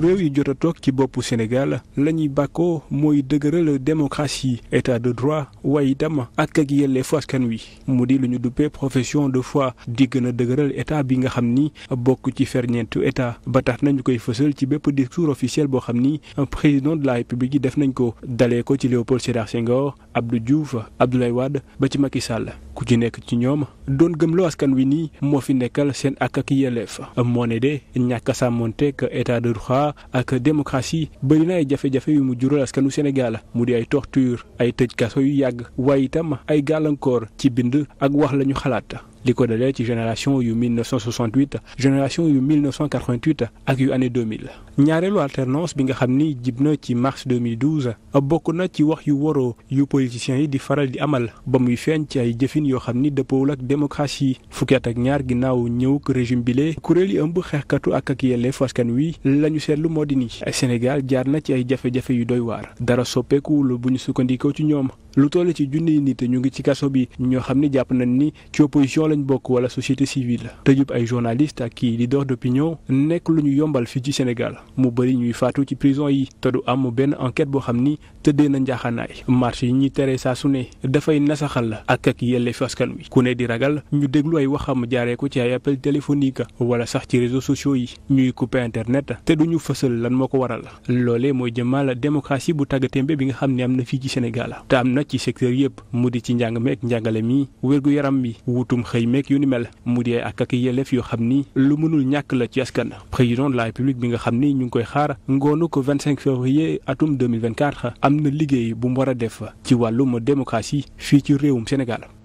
réew yi jot a toog ci boppu Sénégal la ñuy bàkkoo mooy dëgëral démocratie état de droit waaye itam ak ak yelleefu askan wi mu di lu ñu duppee profession de foi di gën a dëgëral état bi nga xam ni bokk ci ferñeentu état ba tax nañu koy fësal ci bépp discours officiel boo xam ni président de la république yi def nañ ko dalee ko ci Léopold Sédar Senghor Abdou Diouf Abdoulaye Wade ba ci Macky Sall ku ci nekk ci ñoom doon la askan wi nii moo fi nekkal seen ak ak yelleef moo ne de ñàkk a sàmmonteeg état de droit ak démocratie bëri na ay jafe-jafe yu mu jural askanu Sénégal mu di ay torture ay tëj kaso yu yàgg waaye itam ay gàllankoor ci bind ak wax lañu xalaat li ko dalee ci génération yu 1968 génération yu 1988 ak yu année 2000. ñaareelu alternance bi nga xam ni jib na ci mars 2012 bokk na ci wax yu waroo yu politiciens yi di faral di amal ba muy feeñ ci ay jëfin yoo xam ni dëppoowul ak démocratie fukki at ak ñaar ginnaaw ñëw régime bile kuréel yi ëmb xeexkatu ak ak yelleef askan wi la ñu seetlu moo di ni Sénégal jaar na ci ay jafe-jafe yu doy waar dara soppeeku bu ñu sukkandikoo ci ñoom. lu toll ci junniy nit ñu ngi ci kaso bi ñoo xam ni jàpp nañ ni ci opposition lañ bokk wala société civile tëjub ay journaliste ak kii leader d'opinion nekk lu ñu yombal fii ci Sénégal mu bëri ñuy faatu ci prison yi te du am benn enquête boo xam ni tëddee na njaaxaanaay marché yi ñuy tere saa su ne dafay nasaxal la ak ak yelleef askan wi ku ne di ragal ñu déglu ay waxam jaaree ko ci ay appel téléphonique wala sax ci réseau sociaux yi ñuy couper internet te duñu fësal lan moo ko waral loolee mooy jëmmal démocratie bu tàggatémbe bi nga xam ne am na fii ci Sénégal te am ci secteur yëpp mu di ci njàng meek njàngale mi wérgu yaram mi wutum xëy meek yu ni mel mu di ak ak yelleef yoo xam ni lu mënul ñàkk la ci askan président de la république bi nga xam ni ñu ngi koy xaar ngoonu ko vingt 25 février atum 2024 am na liggéey bu mu war a def ci wàllum démocratie fii ci réewum Sénégal